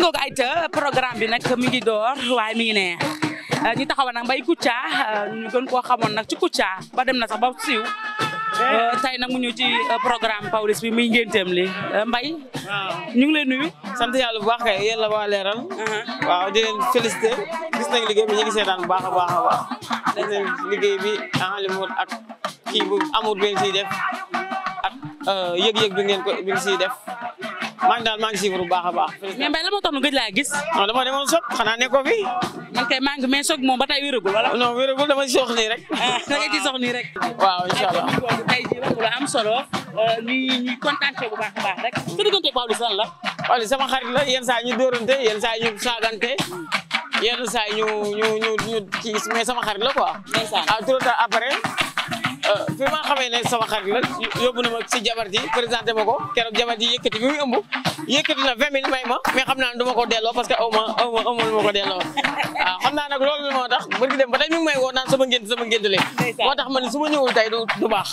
ngoog ay ta programme bi nag mi ngi door waaye mi ngi euh, ñi taxawa nag mbay Kouthia euh, ñu gën xamoon nag ci Kouthia ba dem na sax ba siiw euh, tey nag mu ñëw ci programme Pawlish bi mi ngénteem li Mbaye. waaw ñu ngi lay nuyu. sant yàlla bu baax kay yéen la waa leeral. Uh-huh. waaw di leen félicité gis nañ liggéey bi ñu ngi seetaan bu baax a baax a baax. gis nañ liggéey bi ah li mu ak kii yëg-yëg bi ngeen ko bi ngeen siy def. maa ngi daal maa ngi siifar bu baax a baax. mais Mbaye la moo tax nu gëj laa gis. non dama demoon sot xanaa nekkoo fi. man kay moom ba tey non wéragul dama si sox nii rek. Ah, da nga ci sox nii rek. waaw incha allah tey jii rek lu am solo euh, ñu ñuy contacté bu a baax la. Pawlish sama xarit la yenn saa ñu dóorante yenn saa ñu saagante. yenn ñu ñu sama xarit la quoi. ah trop tard xamee ne sama xarit la yóbbu na ma si jabar ji xam naa nag loolu moo tax bërki dem ba tey mi may woo naan sama ngént sama moo tax ma ne su ma du baax